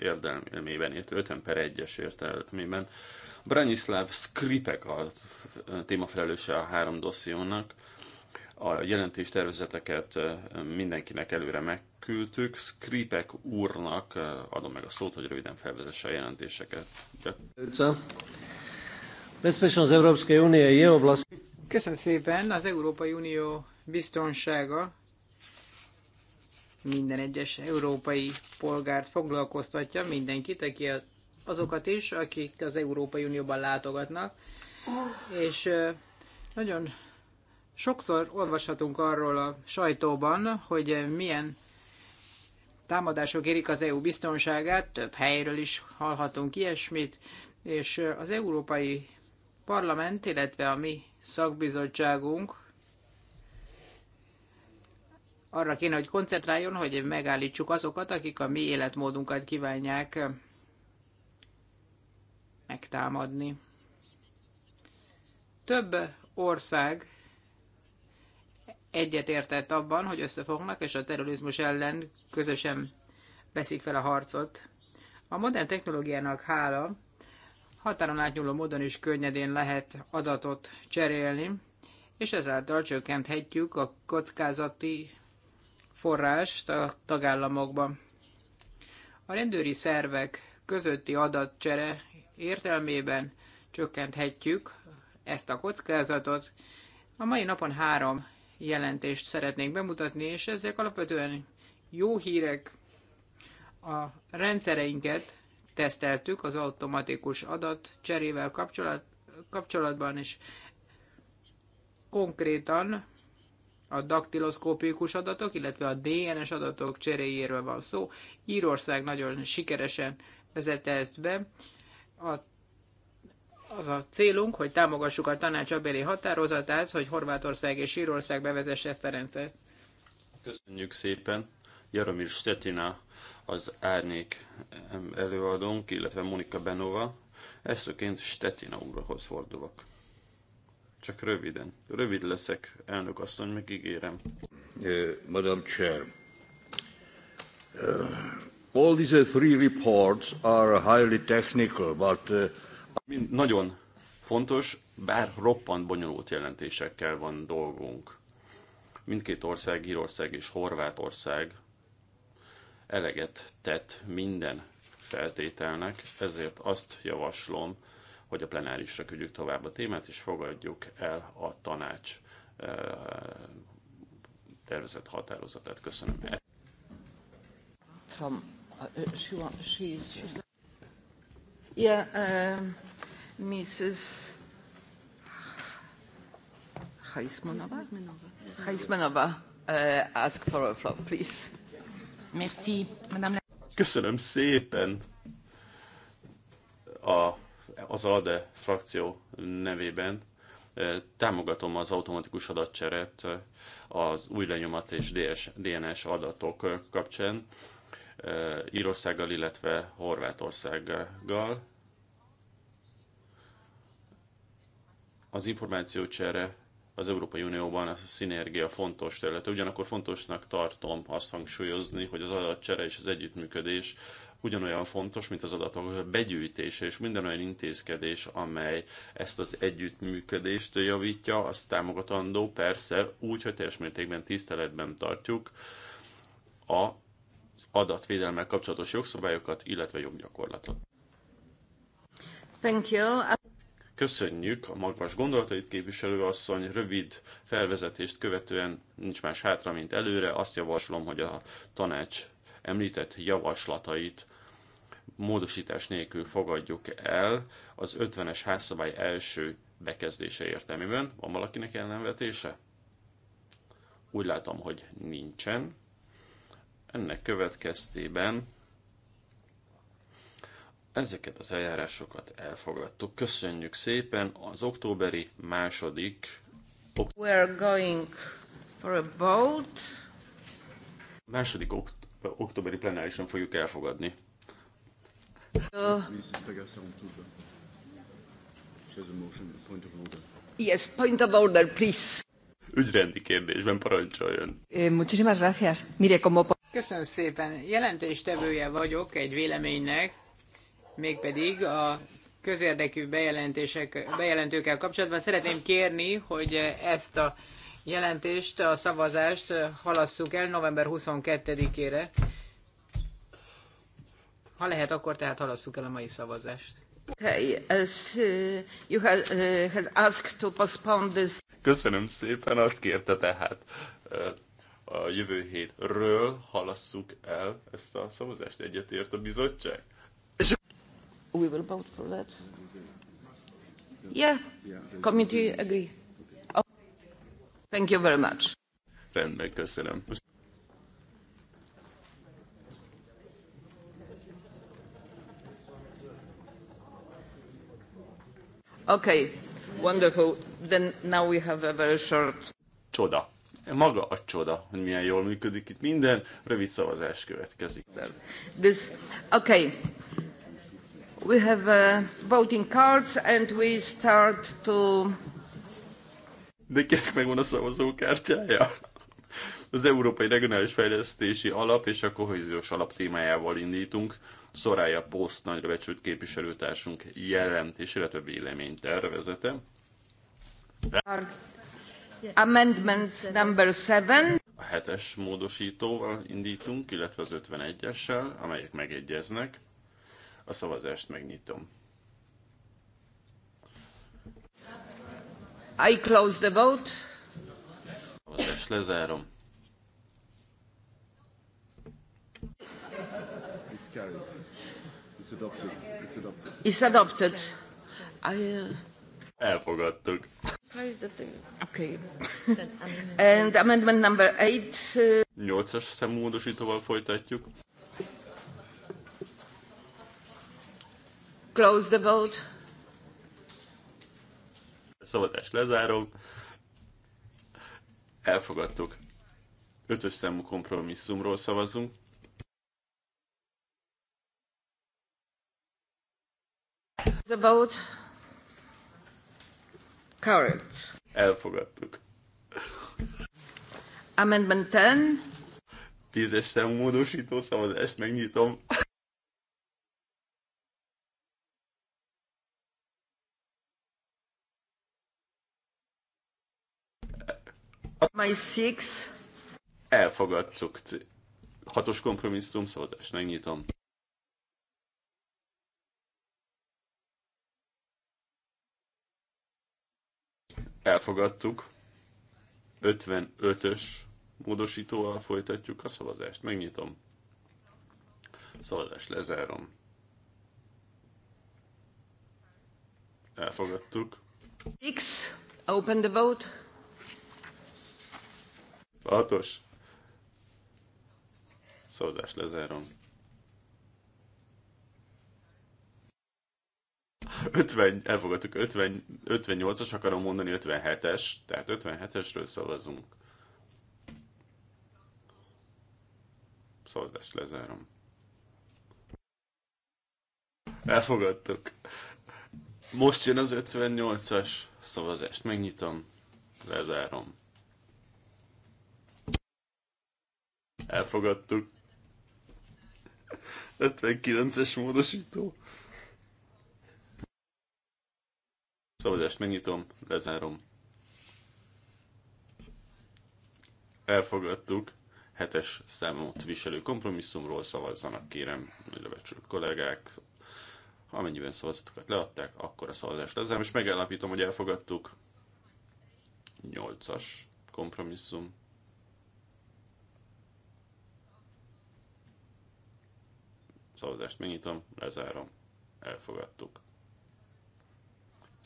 érdelmében, illetve 50 per 1-es értelmében. Branislav Skripek a témafelelőse a három dossziónak, a jelentéstervezeteket mindenkinek előre megküldtük. Skripek úrnak adom meg a szót, hogy röviden felvezesse a jelentéseket. Köszönöm szépen. Az Európai Unió biztonsága minden egyes európai polgárt foglalkoztatja, mindenkit, aki azokat is, akik az Európai Unióban látogatnak. És nagyon Sokszor olvashatunk arról a sajtóban, hogy milyen támadások érik az EU biztonságát, több helyről is hallhatunk ilyesmit, és az Európai Parlament, illetve a mi szakbizottságunk arra kéne, hogy koncentráljon, hogy megállítsuk azokat, akik a mi életmódunkat kívánják megtámadni. Több ország egyetértett abban, hogy összefognak, és a terrorizmus ellen közösen veszik fel a harcot. A modern technológiának hála határon átnyúló módon is könnyedén lehet adatot cserélni, és ezáltal csökkenthetjük a kockázati forrást a tagállamokban. A rendőri szervek közötti adatcsere értelmében csökkenthetjük ezt a kockázatot. A mai napon három jelentést szeretnék bemutatni, és ezek alapvetően jó hírek. A rendszereinket teszteltük az automatikus adat cserével kapcsolat, kapcsolatban, és konkrétan a daktiloszkópikus adatok, illetve a DNS adatok cseréjéről van szó. Írország nagyon sikeresen vezette ezt be. A az a célunk, hogy támogassuk a tanácsabéli határozatát, hogy Horvátország és Írország bevezesse ezt a rendszert. Köszönjük szépen. Jaromir Stetina az árnyék előadónk, illetve Monika Benova. Eszőként Stetina úrhoz fordulok. Csak röviden. Rövid leszek, elnök asszony, megígérem. Uh, Madam Chair, uh, all these three reports are highly technical, but uh, Mind nagyon fontos, bár roppant bonyolult jelentésekkel van dolgunk. Mindkét ország, Írország és Horvátország eleget tett minden feltételnek, ezért azt javaslom, hogy a plenárisra küldjük tovább a témát, és fogadjuk el a tanács eh, tervezett határozatát. Köszönöm. From, uh, uh she, she's Mrs. Um, Haismanova. Haismanova, uh, ask for a floor, please. Merci, Madame. Köszönöm szépen a, az ALDE frakció nevében eh, támogatom az automatikus adatcseret eh, az új lenyomat és DS, DNS adatok eh, kapcsán. Eh, Írországgal, illetve Horvátországgal. Az információcsere az Európai Unióban a szinergia fontos területe. Ugyanakkor fontosnak tartom azt hangsúlyozni, hogy az adatcsere és az együttműködés ugyanolyan fontos, mint az adatok begyűjtése, és minden olyan intézkedés, amely ezt az együttműködést javítja, azt támogatandó, persze úgy, hogy teljes mértékben tiszteletben tartjuk a adatvédelemmel kapcsolatos jogszabályokat, illetve joggyakorlatot. Thank you. Köszönjük a magas gondolatait képviselő asszony, rövid felvezetést követően nincs más hátra, mint előre. Azt javaslom, hogy a tanács említett javaslatait módosítás nélkül fogadjuk el az 50-es házszabály első bekezdése értelmében. Van valakinek ellenvetése? Úgy látom, hogy nincsen. Ennek következtében ezeket az eljárásokat elfogadtuk. Köszönjük szépen az októberi második. We are going for a boat. Második okt októberi plenárison fogjuk elfogadni. Uh, yes, point of order, please. Ügyrendi kérdésben parancsoljon. Eh, muchísimas gracias. Mire, como... Köszönöm szépen. Jelentéstevője vagyok egy véleménynek, mégpedig a közérdekű bejelentések, bejelentőkkel kapcsolatban. Szeretném kérni, hogy ezt a jelentést, a szavazást halasszuk el november 22-ére. Ha lehet, akkor tehát halasszuk el a mai szavazást. Uh, uh, Köszönöm szépen, azt kérte tehát a jövő hétről halasszuk el ezt a szavazást. Egyetért a bizottság? We will vote for that. Yeah, committee agree. Oh. Thank you very much. Rendben, köszönöm. Okay, wonderful. Then now we have a very short... Csoda maga a csoda, hogy milyen jól működik itt minden, rövid szavazás következik. This, okay. We have uh, voting cards and we start to... De kinek megvan a szavazókártyája? Az Európai Regionális Fejlesztési Alap és a Kohéziós Alap témájával indítunk. Szorája Poszt nagyra becsült képviselőtársunk jelentés, illetve véleménytervezete. tervezete. A hetes módosítóval indítunk, illetve az 51-essel, amelyek megegyeznek. A szavazást megnyitom. I close the vote. Szavazást lezárom. It's carried. It's adopted. It's adopted. It's adopted. I, uh... Elfogadtuk. Close the thing. Okay. <laughs> And amendment number eight. Uh, Nyolcas szemmódosítóval folytatjuk. Close the vote. Szavazás lezárom. Elfogadtuk. Ötös számú kompromisszumról szavazunk. The vote. Carried. Elfogadtuk. Amendment 10. Tízes számú módosító szavazást megnyitom. My six. Elfogadtuk. Hatos kompromisszum szavazást megnyitom. elfogadtuk. 55-ös módosítóval folytatjuk a szavazást. Megnyitom. Szavazást lezárom. Elfogadtuk. X, open the vote. Hatos. Szavazást lezárom 50, elfogadtuk 50, 58-as, akarom mondani 57-es, tehát 57-esről szavazunk. Szavazást lezárom. Elfogadtuk. Most jön az 58-as szavazást, megnyitom, lezárom. Elfogadtuk. 59-es módosító. Szavazást megnyitom, lezárom. Elfogadtuk. Hetes számot viselő kompromisszumról szavazzanak, kérem, lebecsült kollégák. Amennyiben szavazatokat leadták, akkor a szavazást lezárom, és megállapítom, hogy elfogadtuk. Nyolcas kompromisszum. Szavazást megnyitom, lezárom, elfogadtuk.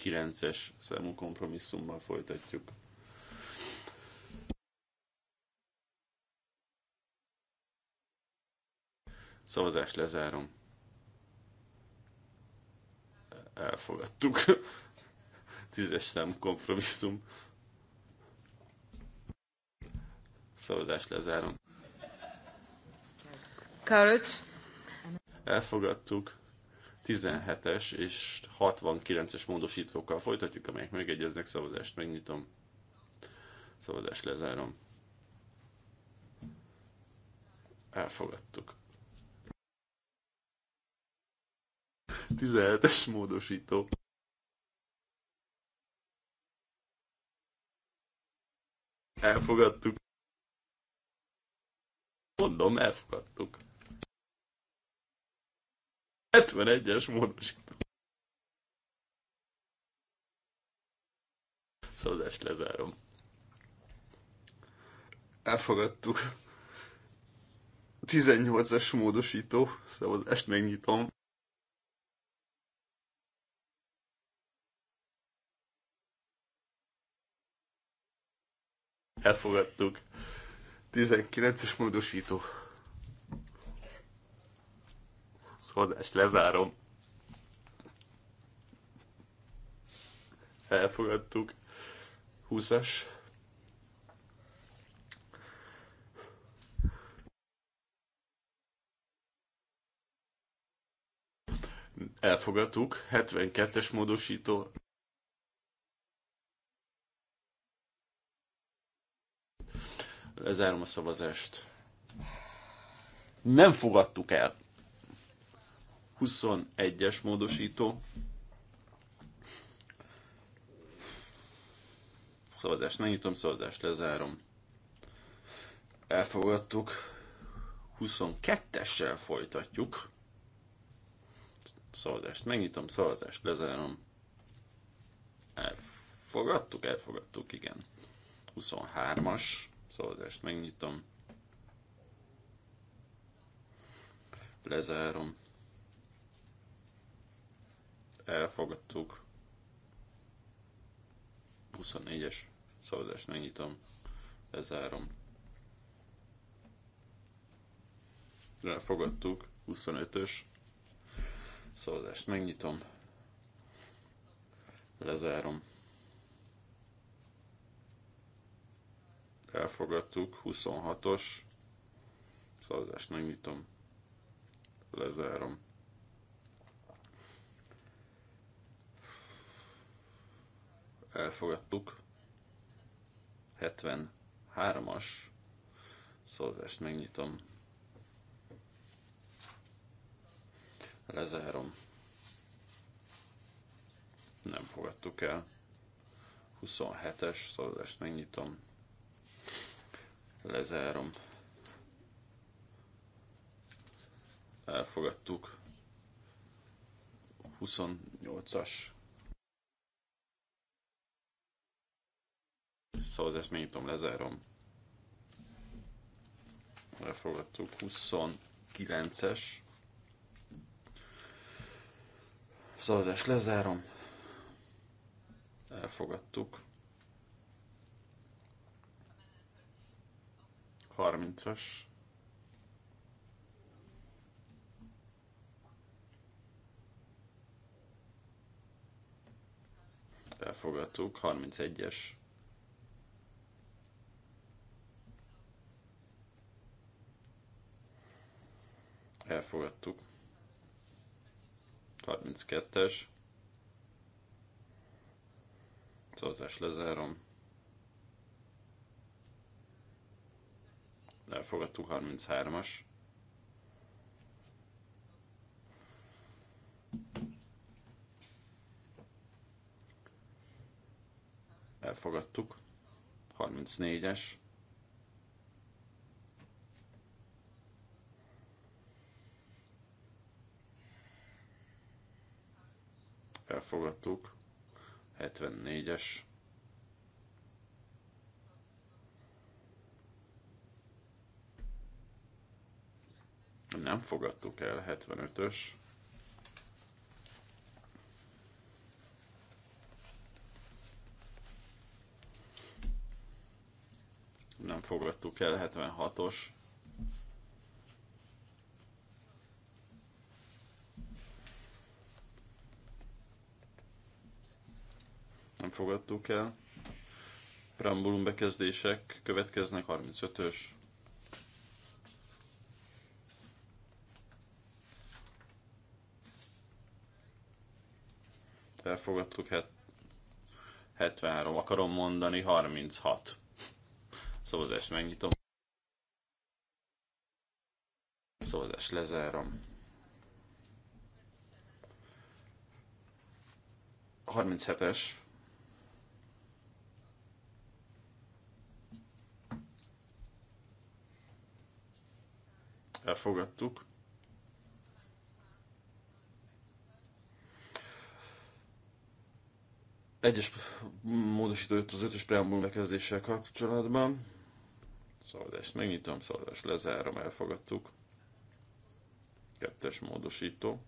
9-es számú kompromisszummal folytatjuk. Szavazást lezárom. Elfogadtuk. Tízes számú kompromisszum. Szavazást lezárom. Karut. Elfogadtuk. 17-es és 69-es módosítókkal folytatjuk, amelyek megegyeznek, szavazást megnyitom, szavazást lezárom. Elfogadtuk. 17-es módosító. Elfogadtuk. Mondom, elfogadtuk. 71-es módosító. Szavazást lezárom. Elfogadtuk. 18-as módosító, szavazást megnyitom. Elfogadtuk. 19-es módosító. adást lezárom. Elfogadtuk. 20-as. Elfogadtuk. 72-es módosító. Lezárom a szavazást. Nem fogadtuk el. 21-es módosító. Szavazást megnyitom, szavazást lezárom. Elfogadtuk. 22-essel folytatjuk. Szavazást megnyitom, szavazást lezárom. Elfogadtuk, elfogadtuk, igen. 23-as. Szavazást megnyitom. Lezárom elfogadtuk. 24-es szavazást megnyitom, lezárom. Elfogadtuk. 25-ös szavazást megnyitom, lezárom. Elfogadtuk. 26-os szavazást megnyitom, lezárom. elfogadtuk. 73-as ezt megnyitom. Lezárom. Nem fogadtuk el. 27-es ezt megnyitom. Lezárom. Elfogadtuk. 28-as Szavazást megnyitom, lezárom. Elfogadtuk 29-es. Szavazás lezárom. Elfogadtuk. 30-as. Elfogadtuk, 31-es. Elfogadtuk. 32-es. Szavazást lezárom. Elfogadtuk 33-as. Elfogadtuk. 34-es. elfogadtuk. 74-es. Nem fogadtuk el, 75-ös. Nem fogadtuk el, 76-os. fogadtuk el. Prambulum bekezdések következnek 35-ös. Elfogadtuk 73, akarom mondani 36. Szavazást megnyitom. Szavazást lezárom. 37-es elfogadtuk. Egyes módosító jött az ötös preambul bekezdéssel kapcsolatban. Szavazást megnyitom, szavazást lezárom, elfogadtuk. Kettes módosító.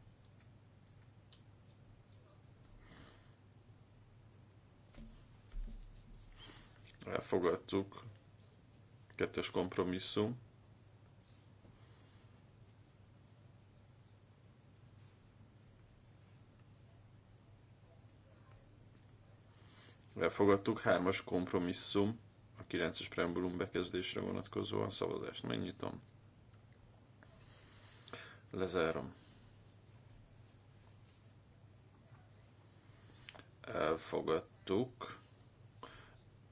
Elfogadtuk. Kettes kompromisszum. befogadtuk, Hármas kompromisszum a 9-es preambulum bekezdésre vonatkozóan szavazást megnyitom. Lezárom. Elfogadtuk.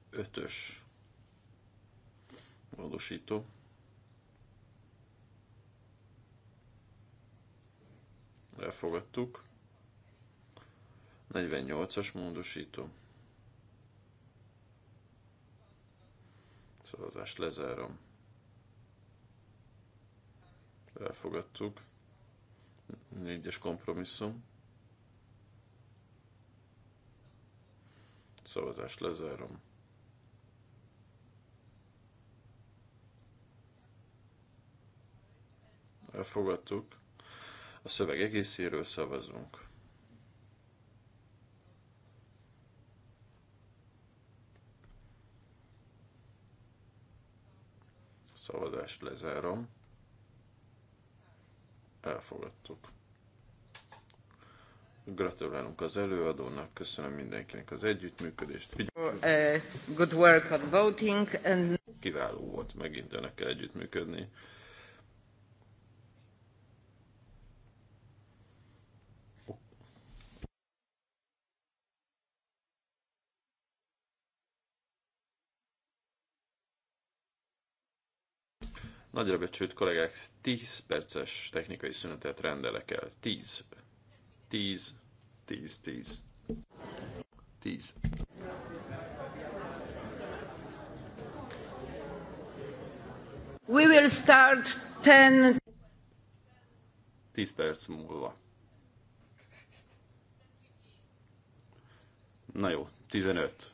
Ötös módosító. Elfogadtuk. 48-as módosító. Szavazást lezárom. Elfogadtuk. Négyes kompromisszum. Szavazást lezárom. Elfogadtuk. A szöveg egészéről szavazunk. Szavazást lezárom. Elfogadtuk. Gratulálunk az előadónak, köszönöm mindenkinek az együttműködést. Oh, uh, good work on voting and... Kiváló volt megint önökkel együttműködni. Nagyra becsült kollégák, 10 perces technikai szünetet rendelek el. 10. 10. 10. 10. 10. We will start 10. 10 perc múlva. Na jó, 15.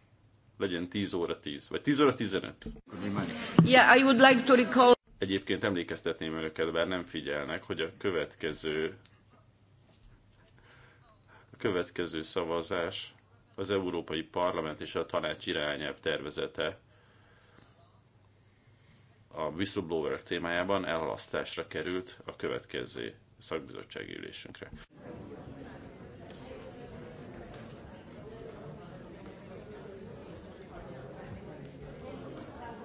Legyen 10 óra 10, vagy 10 óra 15. Yeah, I would like to recall Egyébként emlékeztetném önöket, bár nem figyelnek, hogy a következő a következő szavazás az Európai Parlament és a Tanács irányelv tervezete a whistleblower témájában elhalasztásra került a következő szakbizottsági ülésünkre.